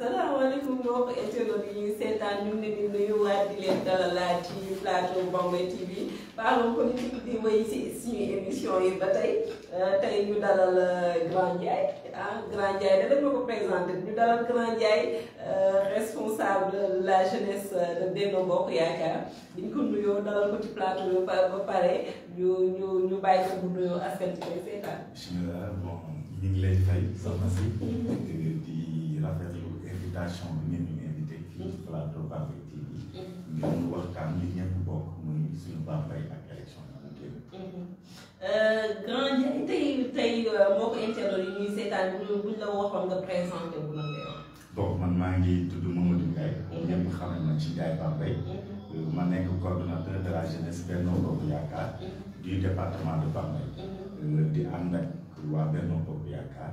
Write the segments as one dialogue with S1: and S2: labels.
S1: salaamaaleykum mbokk internet yi seetaan ñu ngi leen di nuyuwaat di leen dalalaat ci plateau Bambey TV pardon comme ni di wéy si suñu émission yi ba tey euh, tey ñu dalal euh, Grand Ndiaye ah Grand Ndiaye da dañ ma ko présenté ñu dalal Grand Ndiaye euh, responsable la jeunesse de Benno mbokk Yaakaar diñ ko nuyoo dalal ko ci plateau ba pare ñu ñu ñu bàyyi ko mu nuyoo askan ci koy seetaan. bismillah bon ñu ngi lay fay
S2: soxna si mm-hmm. di rafetlu. invitation bi ngeen ñu invité fii plateau Bambey TV mm-hmm. ngir ñu waxtaan ñu ñëpp bokk muy suñu Bambey ak élection yi ñu génn
S1: mm-hmm. euh, grand Ndiaye tey tey euh, mbokk internautes yi ñuy seetaan buñ buñ la waxoon nga présenté bu la koy wax
S2: bon man maa ngi tudd Mamadou Ndiaye mm-hmm. ñëpp xam nañ ma ci Ndiaye euh, ma nekk coordonnateur de la jeunesse Benno Bokk Yaakaar du département de Bambey di ànd ak waa Benno Bokk Yaakaar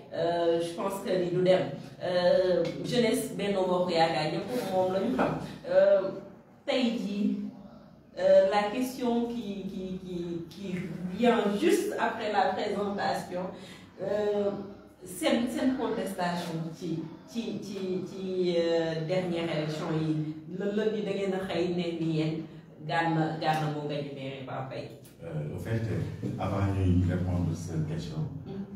S1: Euh, je pense que li du dem euh, jeunesse ben Bokk Yaakaar ñëpp moom la ñu xam euh, tey euh, la question qui qui qui qui vient juste après la présentation c'est euh, seen contestation ci ci ci ci dernière élection yi le la ni da gagné a xëy ne ni yéen Gana Gana moo gagné mairie Bambey.
S2: en fait avant ñuy répondre cette question. Mm-hmm.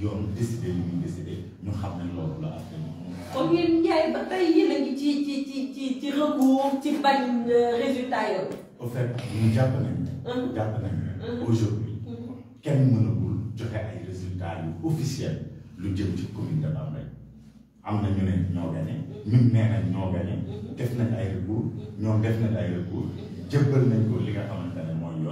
S2: yoon décidé ni muy décidé ñu xam ne loolu la actuellement.
S1: kon yéen Ndiaye ba tey yéen a ngi ci ci ci ci ci recours ci bañ euh, résultat yooyu.
S2: au fait ñu jàpp nañu. Hum. jàpp nañu. Hum. aujourd'hui hum. kenn mënagul joxe ay résultats yu officiels lu jëm ci commune de Bambey am na ñu ne ñoo gagné ñun nee nañ ñoo gagné def nañ ay recours ñoom def nañ ay recours jëbbal nañ ko li nga xamante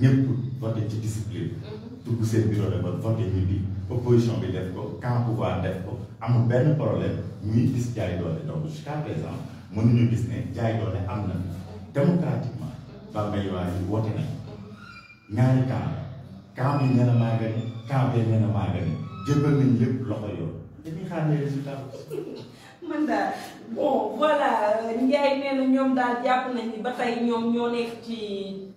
S2: ñëpp voté ci discipline. Mm-hmm. dugg seen bureau de vote voté ñu opposition bi def ko camp pouvoir def ko amul benn problème ñuy gis jaay doole donc jusqu'à présent mënuñu gis ne jaay doole am na démocratiquement Bambey waa yi woote nañ ñaari camp camp bi nee na maa gën camp bee nee na maa gën jébbal nañ lépp loxo yoon dañuy xaar les résultats
S1: man daal bon voilà Ndiaye nee na ñoom daal jàpp nañ ni ba tey ñoom ñoo nekk ci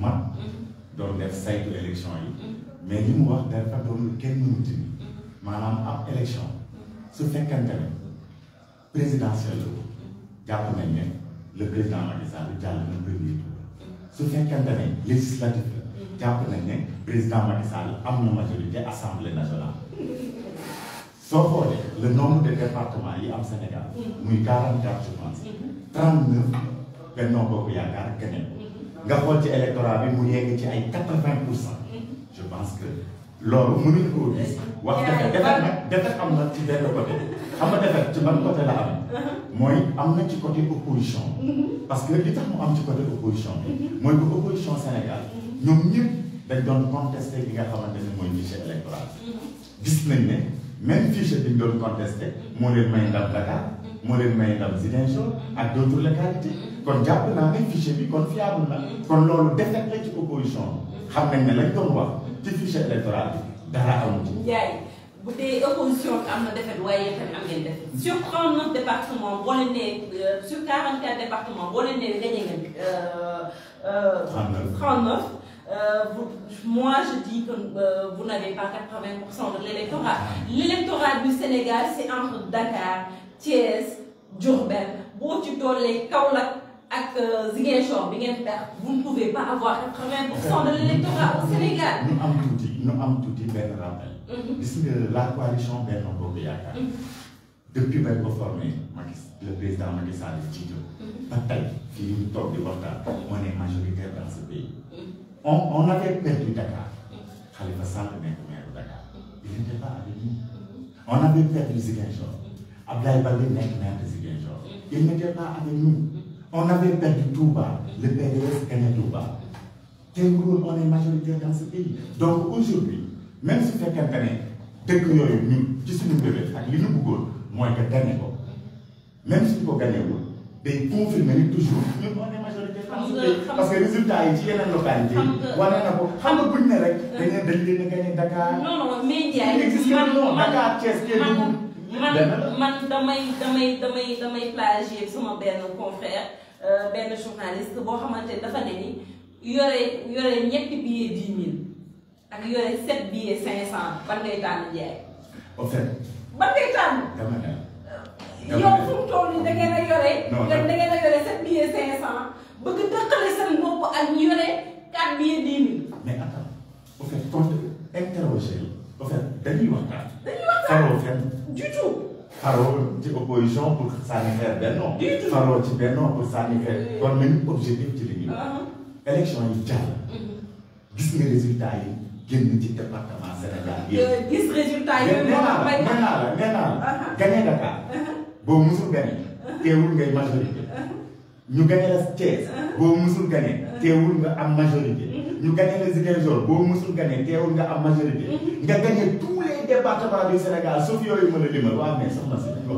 S2: ma doon def saytu élection yi mm-hmm. mais li mu wax dafa doon lu kenn mënut ni mm-hmm. maanaam ab élection mm-hmm. su fekkante ne présidentielle la ko jàpp nañ ne le président Macky Sall jàll na premier tour su fekkente ne législative la jàpp nañ ne président Macky Sall am na majorité assemblée nationale soo xoolee le nombre de départements yi am Sénégal muy quarante quatre je pense trente neuf Benno Bokk Yaakaar keneen nga xool ci électorat bi mu yegg ci ay 80 pour cent je pense que loolu mënuñu ko gis wax defet defet nag defet am na ci benn côté xam nga defet ci ban côté la am uh-huh. mooy am na ci côté opposition mm-hmm. parce que li tax mu am ci côté opposition bi mm-hmm. mooy que opposition Sénégal mm-hmm. ñoom ñëpp dañ doon contesté li nga xamante ne mooy fichier électoral gis nañ ne même fiche bi ñu doon contesté moo leen may ndam Dakar moo leen may ndam Ziguinchor ak d'autres localités kon jàpp naa ne fichier bi kon fiable na kon loolu defet la ci opposition xam nañ ne lañ doon wax ci fichier électoral dara amu ci.
S1: bu dee opposition am na defet waaye ngeen sur 39 départements boo leen euh, sur 44 départements boo leen nee gagné 39 39. Euh, euh, euh moi je dis que vous n'avez pas 80% de l'électorat. L'électorat du Sénégal, c'est entre Dakar, Thiès, Durban, Boutito, les Kaolak, ak euh, Ziguinchor bi ngeen tax vous ne pouvez pas avoir 80 de l'électorat au Sénégal. Nous am
S2: tuuti ñu am tuuti benn rappel. gis nga la coalition Ben Bokk mhm. depuis que ko formé Macky le président Macky Sall jiite ko. Mhm. ba tey est ñu top di on est majoritaire dans ce pays. Mhm. on on avait perdu Dakar. Khalifa Sall nekk maire de Dakar. il n'était pas avec nous. on avait perdu Ziguinchor. Abdoulaye n'est pas maire de Ziguinchor. il n'était pas avec nous. On avait perdu tout bas, le PDS gagnait Touba. Tengour, on est majoritaire dans ce pays. Donc aujourd'hui, même si fait quelques années, dès que nous sommes bébés, avec les nouveaux, moi je quoi. Même si nous gagnons, des toujours, nous sommes Parce que le résultat est a Non, non, il man ben,
S1: man damay damay damay damay plagier sama confrère ben journaliste qui xamantene dafa ne ni yoré billets billets cinq ban ngay au fait. ban dama billets cinq bëgg
S2: mais attends au fait interroger au fait dañuy waxtaan. du tout. faroo ci opposition pour sànni xeer Benno. du ci Benno pour sànni xeer. kon même objectif ci li ñu. Ah. élection yi jàll. Mm-hmm. gis nga résultat yi ci département Sénégal bi.
S1: gis résultat yi moom la may. nee naa la nee naa la ah. uh-huh. gagné
S2: Dakar. Uh-huh. boo musul gagné. Uh-huh. teewul ngay majorité. ñu gagné la Thiès. boo musul gagné. teewul nga am majorité. Nous gagné les Ziguinchor nous gagnons gagné teewul nga am majorité. nga gagné tous les départements du Sénégal sauf que mën a limal mais ça,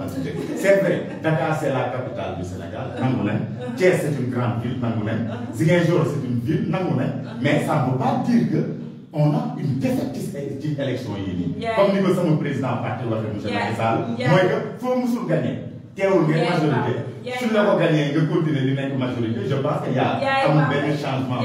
S2: si C'est vrai Dakar c'est la capitale du Sénégal Nangoulin. Thiès une grande ville Nangoulin. nañ. c'est une ville Nangoulin. mais ça ne veut pas dire que. on a une défaite élection unie comme dit le sama président parti waxee monsieur Sall. mooy que nous avons gagné. teewul nga majorité. su la ko gagné nous continuer di majorité je pense qu'il y' a un bel changement.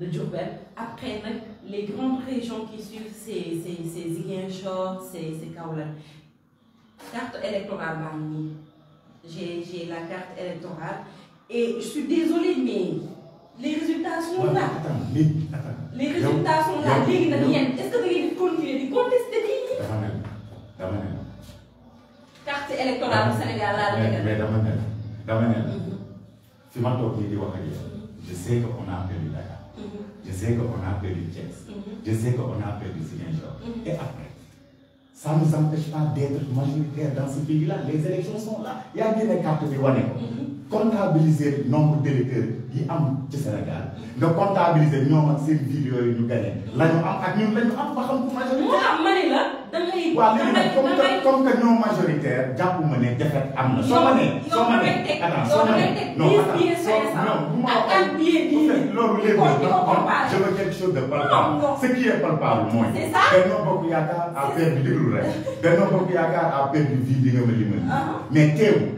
S1: de Djoubel. Après, les grandes régions qui suivent, c'est Ziguinchor, ces Kaolan. Carte électorale, J'ai la carte électorale. Et je suis désolée, mais les résultats sont là.
S3: Les résultats sont là. Est-ce
S1: que vous allez continuer de contester carte électorale au Sénégal là mais Damanel,
S2: mhm. fi ma je sais qu'on a perdu là. Je sais qu'on a perdu Thiès. Je sais qu'on a perdu Siguinchor. Et après, ça ne nous empêche pas d'être majoritaire dans ce pays-là. Les élections sont là. Il y a des cartes de mm-hmm. Comptabiliser le nombre d'électeurs qui am ci Sénégal nga comptabiliser nous ak vidéos nous yooyu ñu nous la ñu am ak ñun des am majoritaire. comme comme que majoritaire nous des defet Nous Nous Nous non Nous Nous je veux quelque chose de palpable ce qui est palpable c'est Nous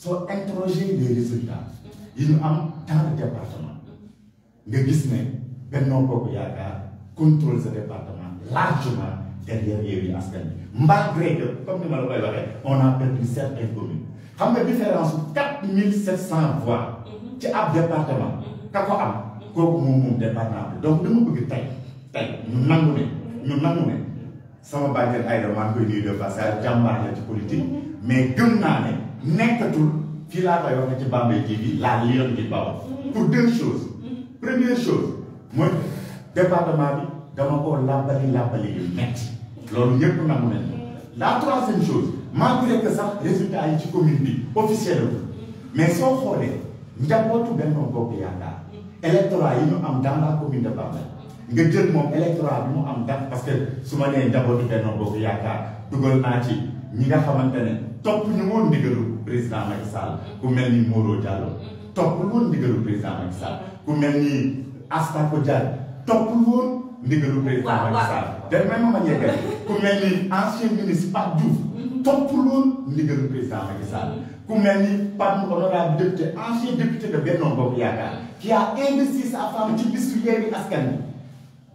S2: sont interrogés les résultats ils ont a dans le département nga Benno contrôle ce département largement derrière les Askan malgré que comme nous on a perdu certaines communes différence 4700 voix département Kako am Koko département donc nous ne pouvons pas ñu ne ñu ça ne sama koy de passage à la politique mais gëm nekkatul fii laa koy waxee ci Bambey TV la lion di Bawol pour deux choses première chose mooy département bi dama koo làbbali làbbali yu metti loolu ñëpp nangu nañ la troisième chose malgré que sax résultat yi ci commune bi officiel mais soo xoolee njabootu Benno Bokk Yaakaar électorat yi ñu am dans la commune de Bambey moom électorat bi mu am ndax parce que su ma nee njabootu Benno Bokk Yaakaar naa ci ñi nga xamante ne topp ñu woon ndigalu président Macky Sall ku melni ni Moro Diallo top woon ndigalu président Macky Sall ku melni ni Asta top toppul woon ndigalu président Macky Sall de même ma ku melni ancien ministre Pape Diouf toppul woon ndigalu président Macky Sall ku melni ni Pape honorable député ancien député de Bénin Bob Yaakaar qui a investi sa femme ci bisu Yewwi Askan Wi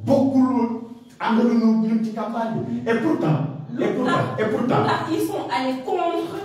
S2: bokkul àndaluñu ñun ci campagne et pourtant et pourtant et pourtant ils sont allés contre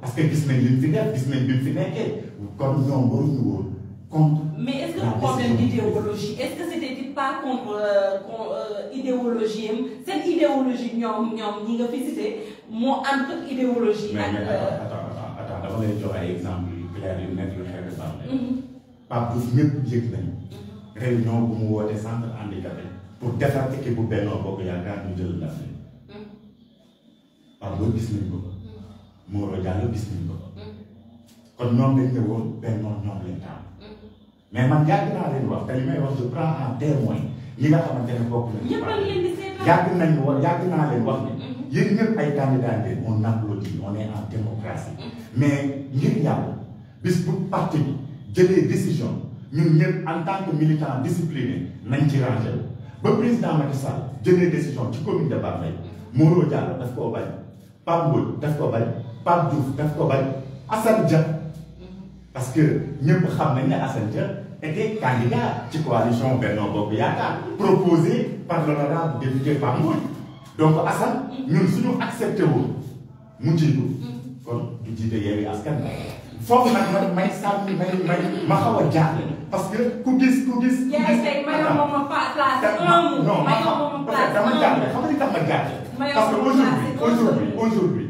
S2: parce que nañ contre.
S1: mais est-ce que le problème d'idéologie est-ce que c'était pas contre euh, euh, idéologie am idéologie ñoom idéologie.
S2: attends attends attends dama lay jox ay le yu exemple. Mhm. réunion bu mu centre pour defar équipe bu Benno Bokk Yaakaar ñu Moro Diallo gis nañ ko mm-hmm. kon ñoom dañ ne woon benn noonu ñoom lañ taal mm-hmm. mais man yàgg naa leen wax te li may wax je prends en témoin ñi nga xamante ne bokk nañ yàgg nañ wax yàgg ne mm-hmm. yéen ñëpp ay candidat ngeen on applaudit on est en démocratie mais ngir yàlla bis bu parti bi jëlee décision ñun ñëpp en tant que militant discipliné nañ ci rangé ba président Macky Sall jëlee décision ci daf koo bañ Pape Mbodj daf koo bañ Pape Diouf daf ko bañ mm-hmm. parce que nous, xam nañ ne Assane était candidat ci coalition Benno Bokk proposé par l'honorable député Pape donc Assane mm-hmm. nous suñu accepté wu mu mm-hmm. du jité yéwi Askan nak man may may may ma xawa parce que ku gis ku gis. ku pas. non non dama xam nga tax ma parce que aujourd'hui aujourd'hui aujourd'hui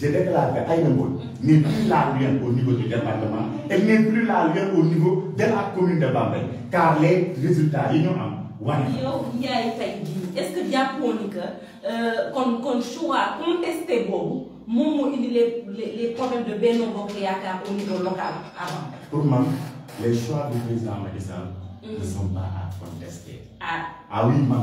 S2: je déclare qu'Aïna n'est plus la rien au niveau du département, elle n'est plus la rien au niveau de la commune de Bambay, car les résultats, ils n'ont pas.
S1: Est-ce que diaponique, euh, qu'on choisit choix contester beaucoup les, les, problèmes de Beno Bokéaka au niveau local avant
S2: Pour moi, les choix du président Macky ne mm. sont pas à contester. Ah, ah oui, Mam,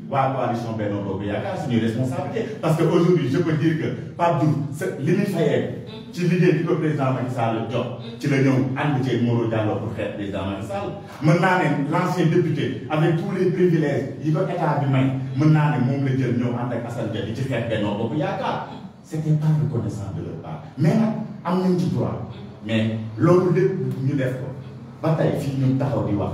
S2: waa coalition Benno Bokk Yaakaar suñuy responsabilité parce que aujourd'hui je peux dire que Pape Diouf li ñu fayee mm. ci le président Macky Sall le mm. ci la le ànd ceeg Moro Diallo pour xeex président Macky Sall mën naa l'ancien député avec tous les privilèges il veut état bi may mën naa ne moom la jël ñëw ànd ak Assane Dia di c'était pas reconnaissant de leur part mais nag am nañ ci droit mais loolu lépp ñu def ko ba tey fii ñu taxaw di wax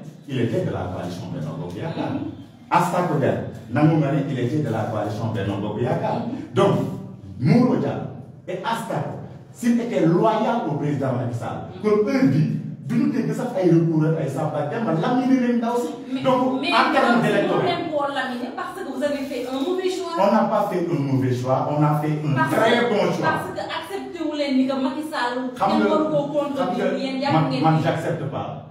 S2: il était de la coalition Benoît Bobiaka. Asta Namoumane, il était de la coalition Benoît Bobiaka. Donc, Mourodjan et Asta, s'ils étaient loyaux au président Macky Sall, que eux disent, nous dégg sax ay recours ak ay samba dem ba laminer leen ndaw aussi. donc en termes d'électorat.
S1: parce que vous avez fait un mauvais choix. on n'a
S2: pas fait un mauvais choix on a fait un très bon choix. parce
S1: que accepté wu leen ni que Macky Sall.
S2: xam nga xam nga man j'accepte pas.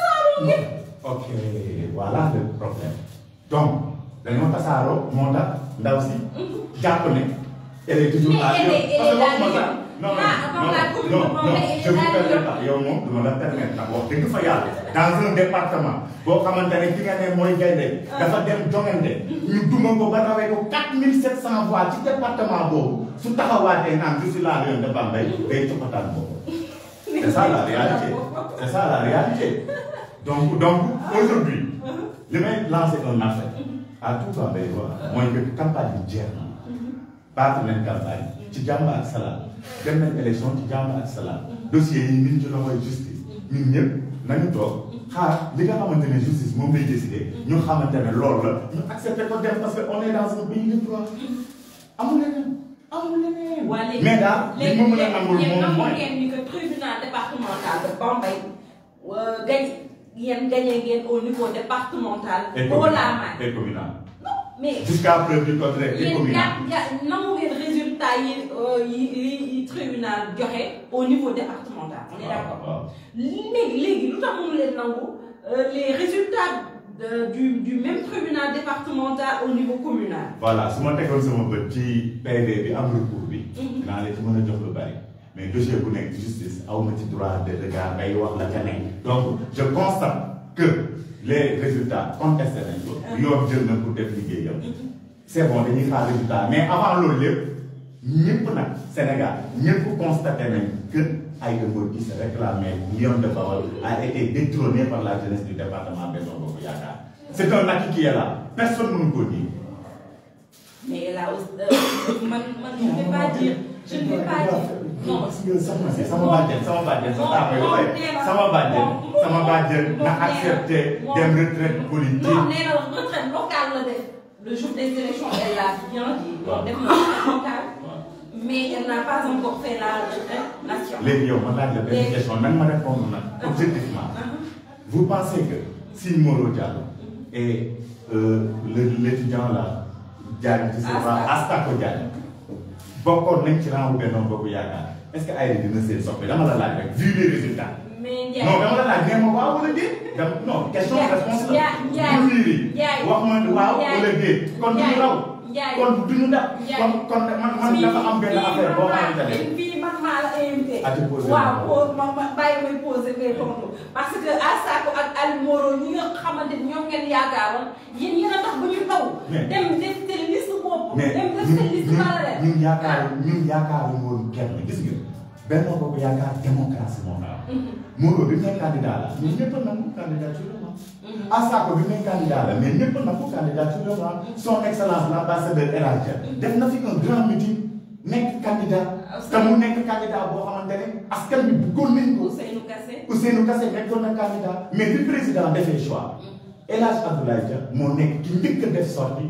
S2: ok voilà le problème donc le tasaaroo moo tax Monda, là aussi japonais, elle est toujours là
S3: non ah, non non je ne vous permets pas
S2: la permettre de dans un département 4700 ah. voix ci département su Non, je c'est ça la réalité c'est ça la réalité. Donc, donc aujourd'hui, mhm. je vais lancer un appel à tout le monde. Moi, je campagne de Pas de même campagne. Tu gagnes à cela. Demain élection, tu gagnes à cela. Dossier, il y a une justice. Nous, nous, nous, xaar li nga xamante ne justice moom lay décidé ñu xamante ne loolu la ñu accepté ko def parce que on est dans un pays de droit amul leneen mais daal li ma mën a amul moom mooy léegi
S1: ngeen ni que tribunal départemental de Bombay, euh, gañ au niveau départemental. la et communal. mais. jusqu'à
S2: preuve du contraire et communal
S1: y a un résultat résultats il il tribunal direct au niveau départemental. on est ah, d'accord mais nous avons les résultats. du, du, même tribunal départemental au niveau communal.
S2: Voilà, si je suis un mon petit PV, un recours, je vais vous donner bail mais dossier bu justice aw ci droit de regard bay wax la ca donc je constate que les résultats contestés, ils ont dit que na pour dépliquer. C'est bon, bon dañuy un résultat mais avant lieu nous, ñëpp le Sénégal avons constaté que c'est vrai qui se réclamait millions de paroles, a été détrôné par la jeunesse du département de Bokk Yaakaar c'est un acquis qui est là personne ne nous connaît.
S1: mais là aussi euh, je ne peux pas dire
S2: je ne peux pas dire sama bàjjen sama ça accepté va retraites politique.
S1: va le jour des élections elle a bien dit mais elle n'a pas encore fait la retraite nationale. Les ça la question
S2: objectivement. vous pensez que si Moro Diallo et euh, l'étudiant là tu sais pas Astako bokkoon nañ ci rang Benno Bokk Yaakaar est-ce que Aida dina seen soppe dama la laaj rek vu les résultats.
S3: mais Ndiaye non dama la laaj nee
S2: ma waaw wala déet. dama non question réponse la.
S1: Ndiaye
S3: wax ma waaw wala
S2: déet. kon duñu raw. kon duñu dab.
S1: kon kon man man dafa am benn affaire boo xamante ne. fii man maa la invité. ati posé waaw ma ma bàyyi may posé ngay tontu parce que Asako ak Almoro ñi nga xamante ñoom ngeen yaakaaroon yéen ñi nga tax bu ñu taw. dem
S2: ñun yaakaar ah. ñun yaakaar woon kenn gis nga Benno Bokk Yaakaar démocratie moom mm-hmm. la Mourou bi nekk candidat la mais ñëpp nangu candidature la mm-hmm. Asako bi nekk candidat la mais ñëpp nangu candidature la son excellence l'ambassadeur El Hadj mm-hmm. def na fi un grand nekk candidat ah, te nekk candidat boo xamante ne askan bi bëggoon nañ ko Ousseynou Kassé Ousseynou Kassé nekkoon na candidat mais bi président defee choix El Hadj Abdoulaye Dia moo nekk ki njëkk a def sortie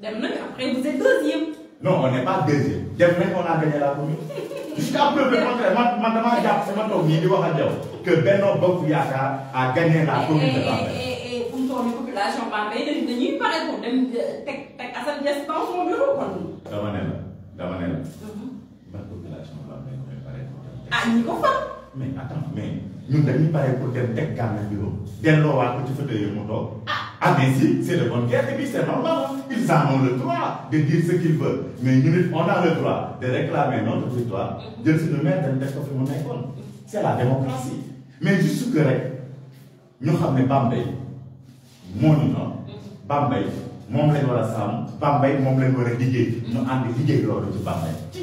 S1: Demain, après, vous êtes
S2: deuxième. Non, on n'est pas deuxième. Demain, on a gagné la commune. Jusqu'à preuve le contraire, madame Agap, c'est maintenant qu'il y a que Beno Bokouyaka a gagné la commune de eh, Bambay. Et, eh,
S1: et, eh, et pour tourner population Bambay, de nuit par exemple, à cette distance, on bureau.
S2: Damanel, Damanel, la mhm. population Bambay ne peut pas
S1: Ah, il faut pas.
S2: Mais attends, mais nous devons parler pour des gamins bureau. Dès lors, tu fais de mon dos. Ah! Ainsi, c'est le bon guerre, et puis c'est normal. Ils ont le droit de dire ce qu'ils veulent. Mais nous, on a le droit de réclamer notre victoire, de se remettre dans texte mon école. C'est la démocratie. Mais juste que nous avons Bambay, mon nom, Bambay, mon nom Bambay, mon nous avons des de Bambay. Qui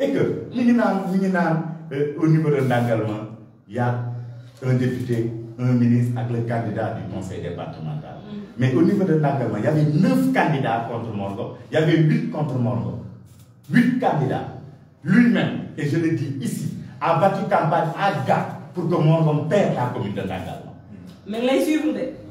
S2: et que euh, au niveau de il y a un député un ministre avec le candidat du conseil départemental. Mm. mais au niveau de il y avait neuf candidats contre il y avait huit contre Morgo huit candidats lui-même et je le dis ici a battu campagne à gap pour que Morgo perde la commune de Nagal mais les suivre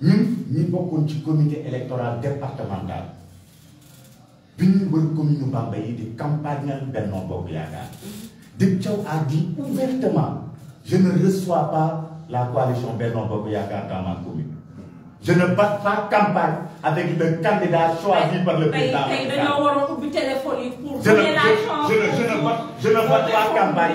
S2: nous ñi bokkoon comité électoral départemental Nous avons wër des campagnes De Benno a dit ouvertement je ne reçois pas la coalition Bernard Bobbiaga dans ma commune je ne passe pas campagne avec le candidat choisi par le président. Je
S1: ne, je, je,
S2: je ne passe pas campagne.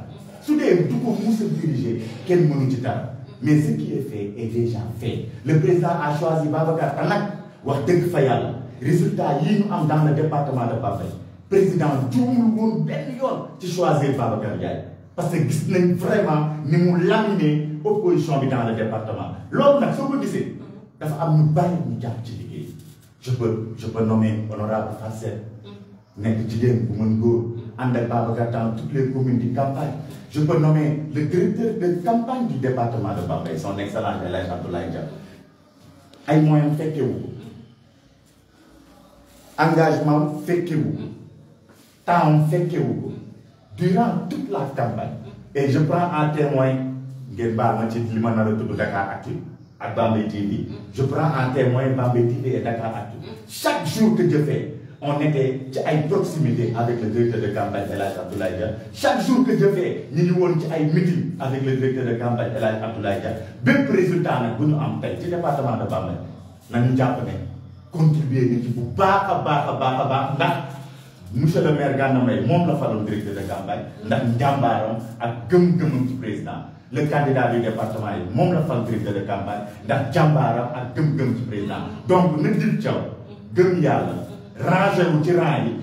S2: Soudain tout du ko se dirigeait diriger kenn mënu ci mais ce qui est fait est déjà fait le président a choisi Babacar Tanak, nag wax dëgg fa résultat il ñu am dans le département de Bambey président tout monde est benn yoon ci choisir Babacar Ndiaye parce que gis nañ vraiment ni mu laminé opposition dans le département L'homme, nag soo ko gisee dafa am ñu bari ñu jàpp ci je peux je peux nommer honorable Fassel mm. nekk jigéen bu mën ànd Babacar dans toutes les communes de campagne je peux nommer le directeur de campagne du département de Bambey son excellent El Hadj Abdoulaye Dia ay moyens ou, engagement tant temps ou, durant toute la campagne et je prends en témoin ngeen baal ma ci li ma je prends en témoin Bambey TV et chaque jour que je fais on était ci ay proximité avec le directeur de campagne Elad Abdoulaye chaque jour que je fais nous ngi à ci ay meeting avec le directeur de campagne Elad Abdoulaye Dia résultat nag bu ñu am ce département de Bambey nous avons contribué contribuer nañ ci bu baka. a baax a ndax monsieur le maire Gana Mbaye la directeur de campagne ndax a ak gëm-gëmam président le candidat du département yi moom la le directeur de campagne ndax a ak gëm-gëm président donc nous jël caw gëm ranger ou tiraille.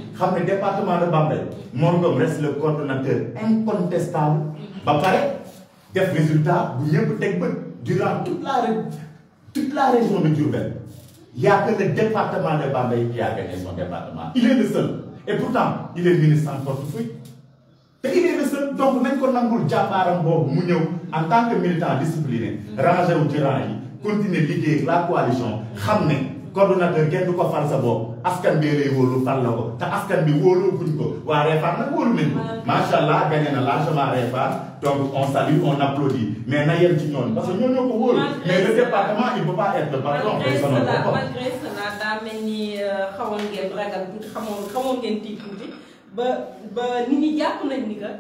S2: département de Bambey Morgom reste le coordonnateur incontestable ba pare des résultats bu ont durant toute la toute la région de Il n'y a que le département de Bambey qui a gagné son département il est le seul et pourtant il est ministre en portefeuille fouille il est le seul donc même quand on a en tant que militant discipliné ranger ou tiraille, continue de continuer la coalition coordonnateur kenn du ko fal sa bopp askan bi lay wóolu fal na ko te askan bi wóolu guñ ko waa Réfane nag wóolu nañ ko macha allah gagné na largement Réfane donc on salue on applaudit mais na yem ci ñoon parce que ñoo ñoo ko wóolu mais le département il peut pas être le patron day sonal malgré
S1: cela daa mel ni euh, xamoon ngeen ragal tuuti xamoon xamoon ngeen tiit tuuti ba ba nit ñi jàpp nañ ni que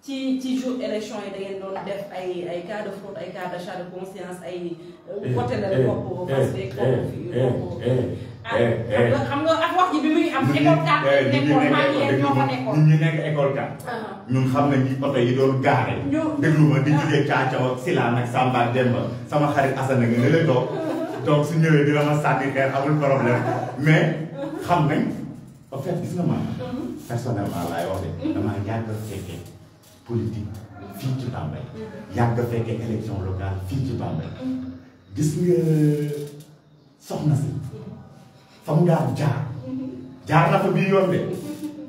S1: ci ci jour élection yi da doon def ay ay cas de fraude ay cas d'achat de conscience ay. voté euh, eh, la eh, bopp ba fas beeg xam bi ñu
S2: eh, nekk école kat. Ah. ñun xam nañ ni oto yi doon gaare. ñoo déglu ma di ah. jugee Caacaw Silaan ak Samba Demba sama xarit Assane nga ne la toog su ñëwee dina ma sànni xeer amul problème mais xam nañ en fait gis nga ma mm-hmm. personnellement laay wax de mm-hmm. damaa jàng fekkee. politique fii ci Bambey yàgg fekkee élection locale fii ci Bambey gis nga soxna si fa mu daan jaar jaar na fa bii yoon de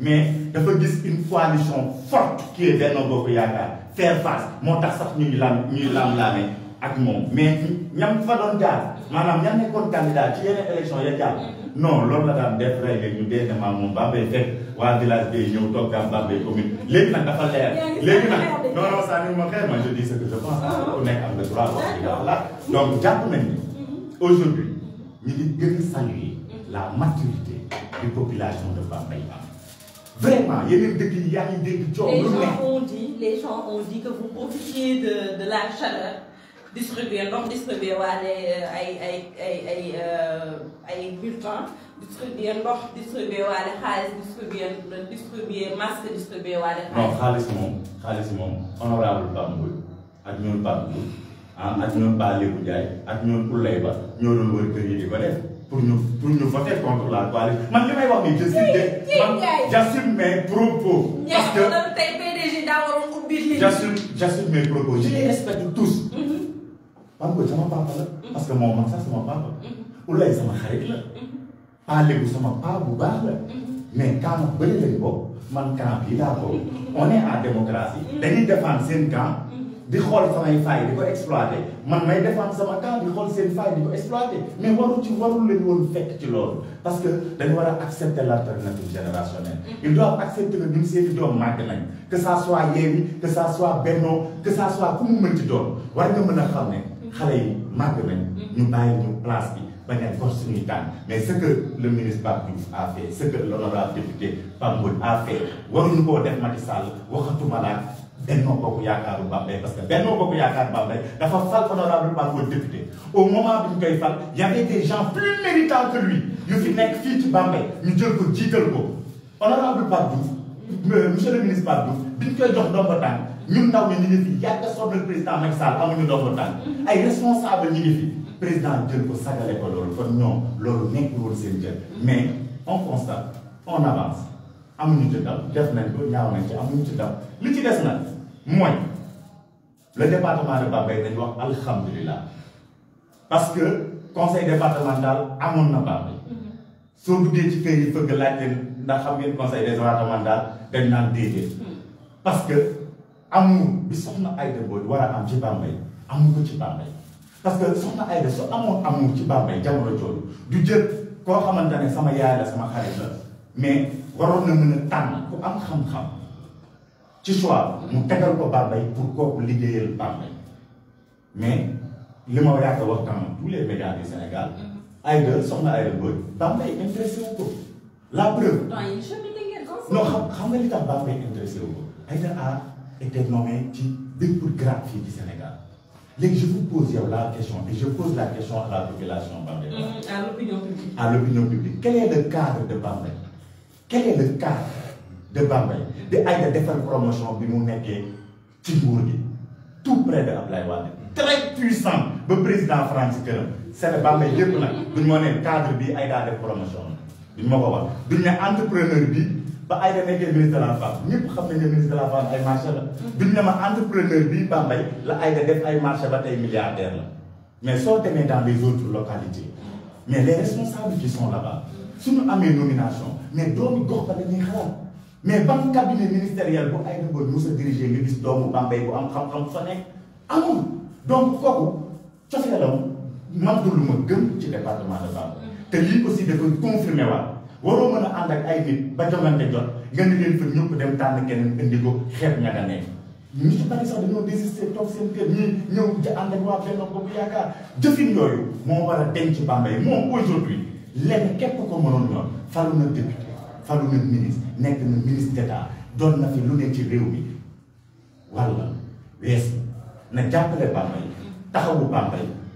S2: mais dafa gis une coalition forte qui est Benno Bokk Yaakaar faire face moo tax sax ñuy lam ñuy lam-laame ak moom mais ñam fa doon jaar maanaam ñam nekkoon candidat ci yeneen élection ya jàll non lolu la daan def rey léegi ñu dee damaa moom Bambey fekk wa village bi ñëw toog daan Bambey commune léegi nag dafa leer légui nak non non ça ne ma xéer ma je dis ce que je pense ah, ah. ku nekk am le droit wax di la donc japp nañ ni mhm. aujourd'hui ñi ngi gën a saluer la maturité du population de Bambey vraiment yeneen dëkk yi yaa ngi dégg coow lu
S1: ne les gens ont dit que vous profitiez de de la chaleur distribuer donc distribuer waale euh, euh, bulletins distribuer donc distribuer les khalis, distribuer distribuer masque distribuer non
S2: khalis honorable ah, pour nous pour voter contre la coalition man vais j'assume mes propos. parce que mes propos je les respecte tous. Pape Boye sama papa la. Mm-hmm. parce que moom man sax sama papa. Oulaye mm-hmm. sama xarit la. Mm-hmm. Aliou sama paa bu baax la. mais camp bëri lañ bokk man camp bii laa bokk. on est en démocratie. dañuy défendre seen camp. di xool samay failles di ko exploité man may défendre sama camp di xool seen failles di ko exploité mais waru ci warul leen fekk ci loolu parce que dañu war a accepter l'alternative générationnelle. ils doivent accepter que ñun seeni doom màgg nañ que ça soit Yewwi que ça soit Benno que ça mën xalé yi màgg nañ ñu place bi force mais ce que le ministre a fait ce que l'honorable député a fait def Macky Sall parce que Benno dafa honorable député au moment bi koy y avait des gens plus méritants que lui yu fi nekk fii ci ñu jël ko honorable Pape euh, monsieur le ministre Pape biñ koy jox ndombo tànk ñun ndaw ñi ñu ngi fi yàgg sonn ak président Macky Sall amuñu ndombo tànk mm-hmm. ay responsable ñi ngi fi président jël ko sagale ko loolu kon ñoom loolu nekkul woon seen jël mm-hmm. mais on constate on avance amuñu ci dal def nañ ko ñaaw nañ ci amuñu ci dal li ci des nag mooy le département de Bambey dañ wax alhamdulilah parce que conseil départemental amoon na Bambey mm-hmm. soo duggee ci kër yi fëgg laaj leen ndax xam ngeen conseil départemental dañ naan déedéet parce que amour bi soxna Aïda Mbodj war a am ci Bambey amu ko ci Bambey parce que soxna Aïda su amoon amour ci Bambey jamono jooju du jël koo xamante ne sama yaay la sama xarit la mais waroon na mën a tànn am xam-xam ci choix mu tegal ko bambay, pour kooku liggéeyal bambay. mais li ma yàgg a wax tous les médias du Sénégal mm-hmm. Aïda soxna Aïda Mbodj Bambey intéressé wu ko la preuve non xam nga li tax Bambey intéressé wu ko Aïda a été nommé ci plus grande fille du Sénégal je vous pose la question et je pose la question à la population bambaye. Mm-hmm, à l'opinion publique. à l'opinion publique quel est le cadre de Bambé quel est le cadre de Bambé de Aïda une promotion bi mu nekkee tout près de Abdoulaye Wade très puissant le président français. c'est le Bambé, nag duñ ma le cadre de Aïda def promotion Il est un entrepreneur ba ay da nekkee ministre de la femme ñëpp xam nañ ministre de la femme ay marché la. biñ ne ma entrepreneur bi bambay la ay da def ay marché ba tay milliardaire la mais so démé dans les autres localités mais les responsables qui sont là-bas suñu amee nomination mais doomu gox ba dañuy xalat mais ban cabinet ministériel bu ay da mos a diriger nga gis doomu bambay bu am xam-xam fa nek amul donc kooku cofeelam man du lu ma gëm ci département de bambay te li aussi dafa confirmer waat. waroo mën a ànd ak ay nit ba jongante jot nga ne leen fa ñëpp dem tànn keneen indi ko xeet ña nga nekk ñu ci bari ja ànd ak waa Benno Bokk Yaakaar jëfin yooyu moo war a denc ci Bambey moom aujourd'hui lenn képp ko mënoon ñoon falu na député falu na ministre nekk na ministre d'état doon na fi lu ne ci réew mi walla
S3: wees na jàppale Bambey
S2: taxawu Bambey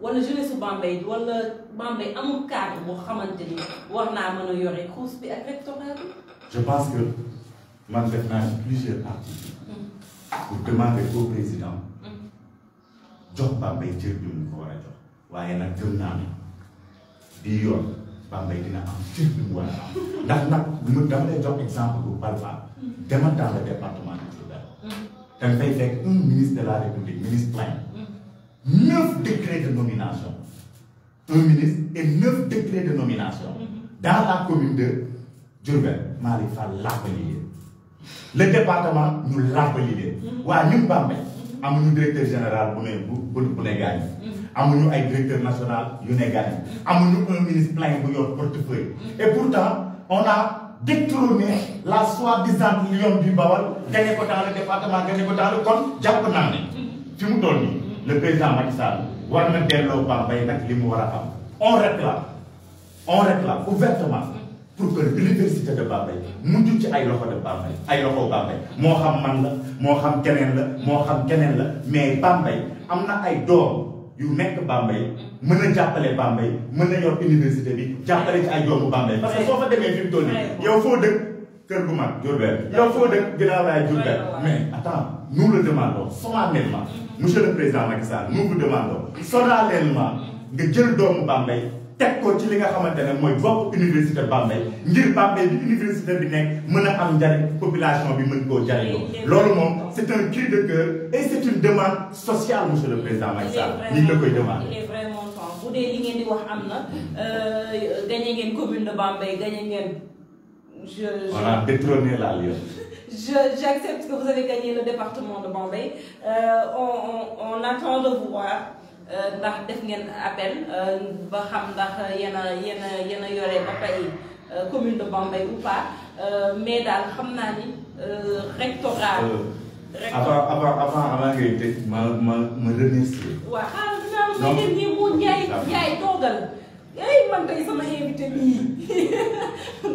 S1: wala jeunesse su Bambey wala Bambey amul cadre boo xamanteni ni war naa mën a yore course bi ak rectorat bi.
S2: je pense que man def naa plusieurs parties mm. pour demander au président. Mm. jox Bambey cër bi mu ko war a jox. waaye nag gëm naa ne bii yoon Bambey dina am cër bi mu war a am ndax nag mu dama lay jox exemple bu palpable. Mm. demal dans le département de Diourbel. da fay fekk un ministre de la république ministre plein neuf décrets de nomination. Un ministre et 9 décrets de nomination mm-hmm. dans la commune de Durban. Marifa Le département nous l'appelé. Wa bambe a directeur général bu nous mm-hmm. directeur national yu est gagné. Mm-hmm. un ministre plein bu portefeuille. Et pourtant, on a détourné la soi-disant du Bawal gagné dans le département gagné ko dans le kon le président Macky Sall war na delloo Bambey nag li mu war a am on réclame on réclame ouvertement pour que l'université de Bambey mujj ci ay loxo de Bambey ay loxo Bambey moo xam man la moo xam keneen la moo xam keneen la mais Bambey am na ay doom yu nekk Bambey mën a jàppale Bambey mën a yor université bi jàppale ci ay doomu Bambey parce que soo fa demee fi mu toll yow foo dëkk Cœur Il faut de Guilala et Mais attends, nous le demandons solennellement. Monsieur le Président Macky nous vous demandons solennellement de jël doomu Bambey teg ko ci li nga xamante ne mooy université Bambey ngir Bambey université bi nekk mën am population bi mën koo jariñoo loolu un cri de cœur et c'est est une demande sociale monsieur le président Macky Sall ñu koy demandé. il
S1: est vraiment temps bu li ngeen di wax am na mm. euh, gagné ngeen commune de Bambey gagné ngeen je, On a détrôné la Lyon. J'accepte que vous avez gagné le département de Bombay. Euh, on, on, on, attend de voir. Euh, ndax def ngeen appel euh, ba xam ndax yéen a yéen a yéen a yore euh, commune de Bambey ou pas mais daal xam naa rectorat.
S2: avant avant avant avant que teg me ma ma remercier.
S1: waaw xaaral dinaa la may ay man tey sama invité bii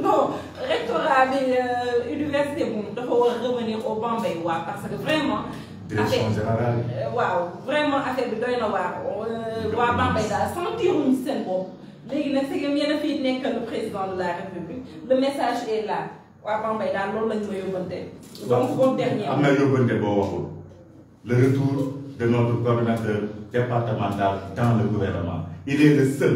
S1: non rectorat bi euh, université Bon, dafa war revenir au Bambey wa parce que vraiment. direction générale Waouh, vraiment affaire de doy na waar.
S2: Euh, waa Bambey
S1: daal sentiruñu seen bopp. c'est fi le président de la république le message est là waa Bambey daal loolu lañ ma yóbbante.
S2: donc bon dernier am na yóbbante le retour de notre coordinateur départemental dans le gouvernement il est le seul.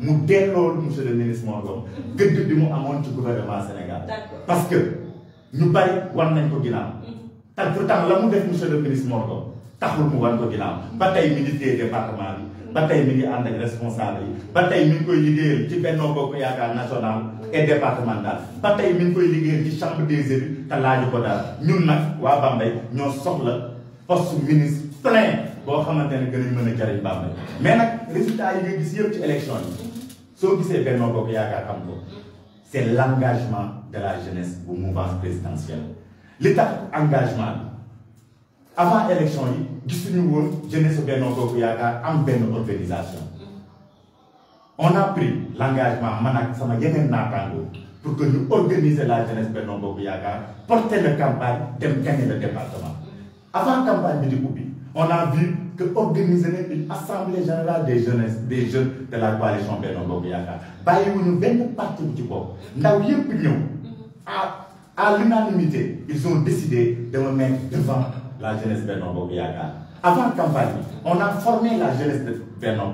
S2: mu delloo monsieur le ministre Mor Ngom gëdd bi mu amoon ci gouvernement Sénégal. parce que ñu bari wan nañ ko ginnaaw. Mhm. te pourtant la mu def monsieur le ministre Mor Ngom mu wan ko ginnaaw ba tey mi ngi téye département bi. Mhm. ba tey mi ngi ànd ak responsable yi. ba tey mi ngi koy liggéeyal ci Benno Bokk Yaakaar national et départemental. ba tey mi ngi koy liggéeyal ci chambre des élus te laaju ko daal ñun nag waa Bambey ñoo soxla poste ministre plein boo xamante ne a mën a jariñ Bambey mais nag résultat yi nga gis yëpp ci Ce qui Benno Bokk Yaakaar à c'est de la jeunesse au mouvement présidentiel. L'état d'engagement, avant élection yi gisuñu jeunesse su Benno Bokk am organisation on a pris l'engagement, manak, pour que nous organiser la jeunesse Benno Bokk porter la campagne dem gagner le département avant campagne de coup, on a vu organiser une assemblée générale des jeunes des jeunes de la coalition Benno Bokk Nous venons de parti bu ci Nous ndaw yépp l'opinion, à à l'unanimité ils ont décidé de me mettre devant la jeunesse Bernard Bokk Avant la campagne on a formé la jeunesse de Benno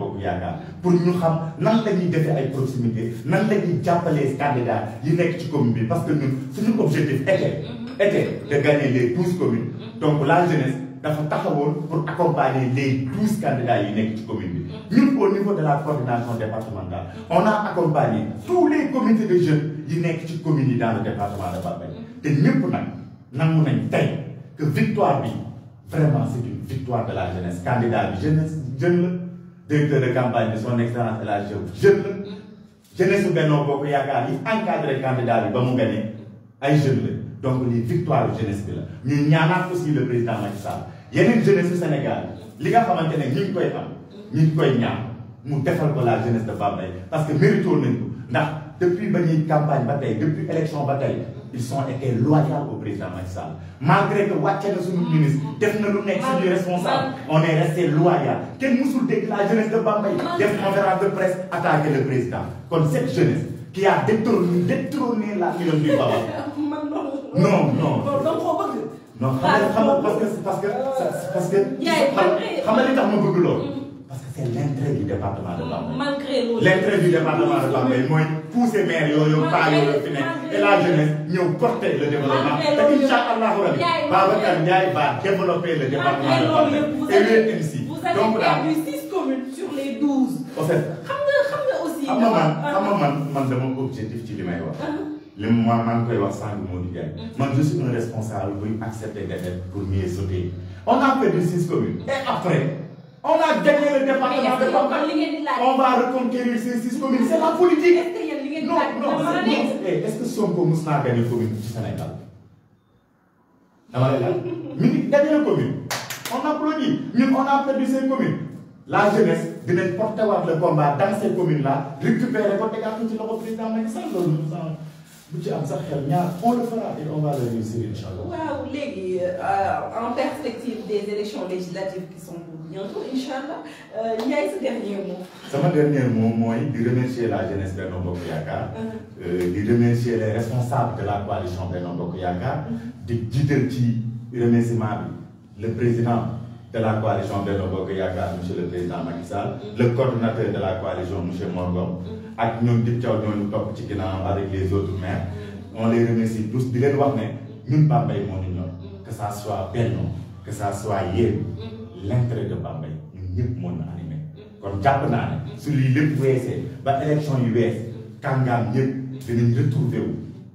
S2: pour nous xam nan nous ñuy ay proximité nan appeler les candidats yi nekk ci commune parce que notre objectif était était de gagner les 12 communes mm-hmm. donc la jeunesse pour accompagner les 12 candidats yi nekk ci commune au niveau de la coordination départementale. on a accompagné tous les comités de jeunes yi nekk commune dans le département de Bambey. te ñëpp nous nous nañ tey que victoire bi vraiment c'est une victoire de la jeunesse candidat de jeunesse jeune directeur de campagne de son excellence la jeune la. jeunesse Benno Bokk Yaakaar yi encadré candidat bi ba nous gagner ay jeunes donc une victoire jeunesse bi la ñu aussi le président Macky Sall. Il jeunesse a Sénégal jeunesse au Sénégal. Les gars qui koy am ñi ngi koy ñaan mu defal la jeunesse de bambay parce que mérito nañ depuis la campagne ba depuis l'élection, ba ils sont été loyaux au président Macky malgré que Wachel est suñu ministre def na lu responsables. responsable on est resté loyal Quel musul dégg la jeunesse de Bambey def conférence de presse attaquer le président Comme cette jeunesse qui a détourné détrôné la philosophie du Baba non non non parce que parce que parce que. parce que c'est du département de malgré du département de pousser mères et la jeunesse parce porter le développement va développer le département de et vous avez
S1: six communes sur les douze.
S2: fait aussi. objectif le moment que je suis en train de moi je suis un responsable pour accepter dettes pour mieux sauter. On a perdu 6 communes. Et après, on a gagné le département de combat. On va reconquérir ces 6 communes. C'est la politique. Est-ce que son commun a gagné une commune du Sénégal Ça a gagné une commune. On a produit. on a perdu ces communes. La jeunesse devait porter le combat dans ces communes-là, récupérer les portes cartes garde de l'Europe président. Mais ça, on le fera et on va le réussir Inch'Allah.
S1: Wow, en uh, perspective des élections législatives qui uh, sont bientôt Il y a ce dernier mot.
S2: Mon dernier mot moi, de remercier la jeunesse de Bokk uh-huh. uh, de remercier les responsables de la coalition de Bokk de di de ci le président. de la coalition de Bokk M. le président Macky uh-huh. le coordonnateur de la coalition M. Morgom. Uh-huh ak ñoom Dip Thiaw ñooñu topp ci avec les autres mais on les remercie tous di leen wax ne ñun Bambey moo ñu ñor que ça soit Benno que ça soit yéen l'intérêt de Bambey ñun ñëpp moo ñu animé kon Comme naa ne su lii lépp weesee ba élection yu Kangam kàngaam ñëpp dinañ retrouver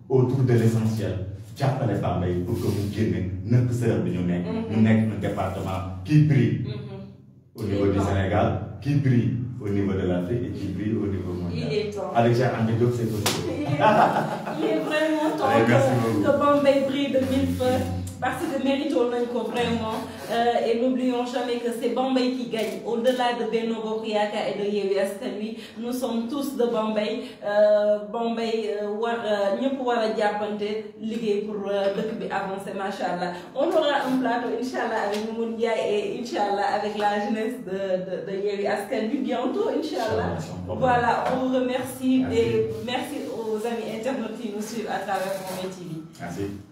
S2: autour de l'essentiel Japonais Bambey pour que mu ne nëkk sërëb bi ñu nekk nous mm-hmm. nekk un département qui brille mm-hmm. au niveau du Sénégal qui brille au niveau de l'Afrique et qui brille au niveau mondial. Il est temps. Avec Jacques André c'est possible. Il
S1: est, vraiment temps Allez, que, que Bombay brille de mille feux parce que méritons ko vraiment euh, et n'oublions jamais que c'est Bombay qui gagne au-delà de Benno Bokk et de Yves Astani, nous sommes tous de Bombay. euh, nous pouvons pouvons war a pour euh, dëkk avancer machallah on aura un plateau Inch'Allah, avec Mounia et Inch'Allah, avec la jeunesse de de de bientôt Inch'Allah. voilà on vous remercie et merci aux amis internautes qui nous suivent à travers Bombay TV.
S3: Merci.